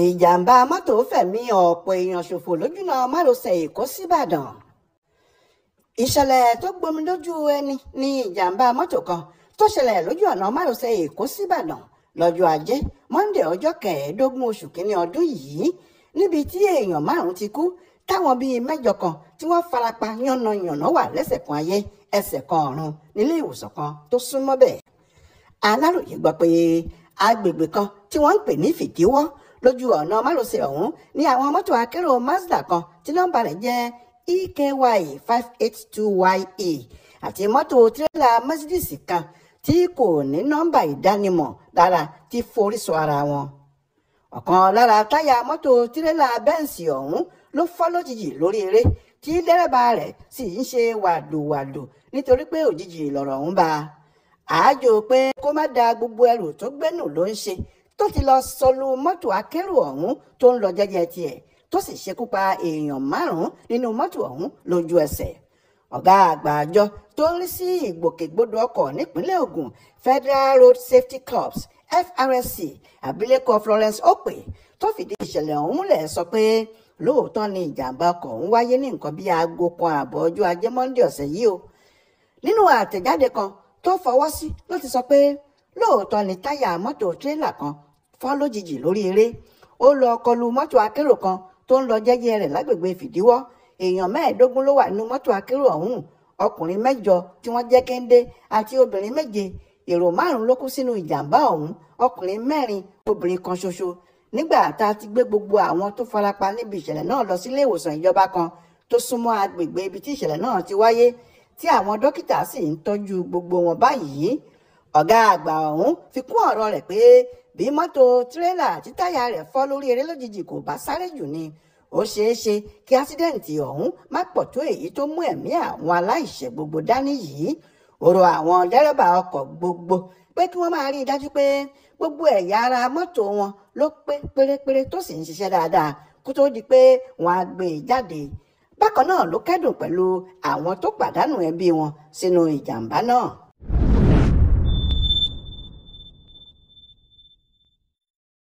ìjàmbá mọ́tò fẹ̀mí ọ̀pọ̀ èèyàn ṣòfò lójúnà márosẹ̀ èkó síbàdàn ìṣẹ̀lẹ̀ tó gbomi lójú ẹni ní ìjàmbá mọ́tò kan tó ṣẹlẹ̀ lójú ọ̀nà márosẹ̀ èkó síbàdàn lọ́jọ́ ajé monde ọjọ́ kẹẹ̀ẹ́dógún oṣù kínní ọdún yìí níbi tí èèyàn márùn-ún ti kú táwọn bíi mẹ́jọ kan tí wọ́n farapa yánnayànna wà lẹ́sẹ̀ kan ayé ẹsẹ̀ kan ọ̀run nílé ìwòsàn kan tó súnmọ́ bẹ́ẹ̀. aláròye gbọ́ pé agbègbè kan tí wọ́n ń pè ní fìdíwọ́ lójú ọ̀nà márosẹ̀ ọ̀hún ni àwọn mọ́tò akérò mazda kan tí nọ́mbà rẹ̀ jẹ́ EKY five eight two YE àti mọ́tò tirẹ́là mercedes kan tí kò ní nọ́mbà ìdánimọ̀ lára ti forí sọ ara wọn. ọ̀kan lára táyà mọ́tò tirẹ́là bẹ́ǹsì ọ̀hún ló fọ́ lójijì lórí eré tí dẹ́rẹ́bà rẹ̀ sì ń ṣe wàdùwàdù nítorí pé òjijì lọ̀rọ̀ ń bá a. àájò pé kó má da gbogbo ẹrù tó gbẹ́nù ló ń ṣe tó ti lọ sọlu mọ́tò akẹ́rù ọ̀hún tó ń lọ jẹ́jẹ́ tiẹ̀ tó sì ṣekú pa èèyàn márùn-ún nínú mọ́tò ọ̀hún lójú ẹsẹ̀ ọ̀gá àgbà àjọ tó ń rí sí ìgbòkègbodò ọkọ̀ nípínlẹ̀ Ògùn Federal Road Safety Corps FRSC abilékọ Florence Okpe tó fìdí ìṣẹ̀lẹ̀ ọ̀hún múlẹ̀ sọ pé lóòótọ́ ni ìjàmbá ọkọ̀ ń wáyé ní nǹkan bíi aago kan ààbọ̀ ọjọ́ ajé monde ọ̀sẹ̀ yìí o nínú àtẹ̀jáde kan tó fọwọ́ sí ló ti sọ pé lóòótọ́ ni táyà mọ́tò tírélà kan fọ́ lójijì lórí eré ó lọ kọlu mọ́tò akérò kan tó ń lọ jẹ́jẹ́ rẹ̀ lágbègbè fìdíwọ́ èèyàn mẹ́ẹ̀ẹ́dógún ló wà nínú mọ́tò akérò ọ̀hún ọkùnrin mẹ́jọ tí wọ́n jẹ́ kéńdé àti obìnrin méje èrò márùn-ún ló kú sínú ìjàmbá ọ̀hún ọkùnrin mẹ́rin obìnrin kan ṣoṣo nígbà tá a ti gbé gbogbo àwọn tó farapa níbi ìṣẹ̀lẹ̀ náà lọ sílé ìwòsàn ìjọba kan tó súnmọ́ agbègbè ibi tí ìṣẹ̀lẹ̀ náà ti wáyé tí àwọn dókítà sì ń tọ́jú gbogbo wọn báyìí ọ̀gá àgbà ọ̀hún fi kún ọ̀rọ̀ rẹ̀ pé bí mọ́tò tírélà tí táyà rẹ̀ fọ́ lórí eré lójijì kò bá sáré jù ni ó ṣeé ṣe kí ásídẹ̀ǹtì ọ̀hún má pọ̀ tó èyí tó mú ẹ̀mí àwọn aláìṣẹ̀ gbogbo dání yìí ó rọ àwọn dẹ́rẹ́bà ọkọ̀ gbogbo pé kí wọ́n máa rí i dájú pé gbogbo ẹ̀yà ara mọ́tò wọn ló pé pérépéré tó sì ń ṣiṣẹ́ dáadáa kó tó di pé wọ́n á gbé e jáde bákan náà ló kẹ́dùn pẹ̀lú àwọn tó pàdánù ẹbí wọn sínú ìjàmbá náà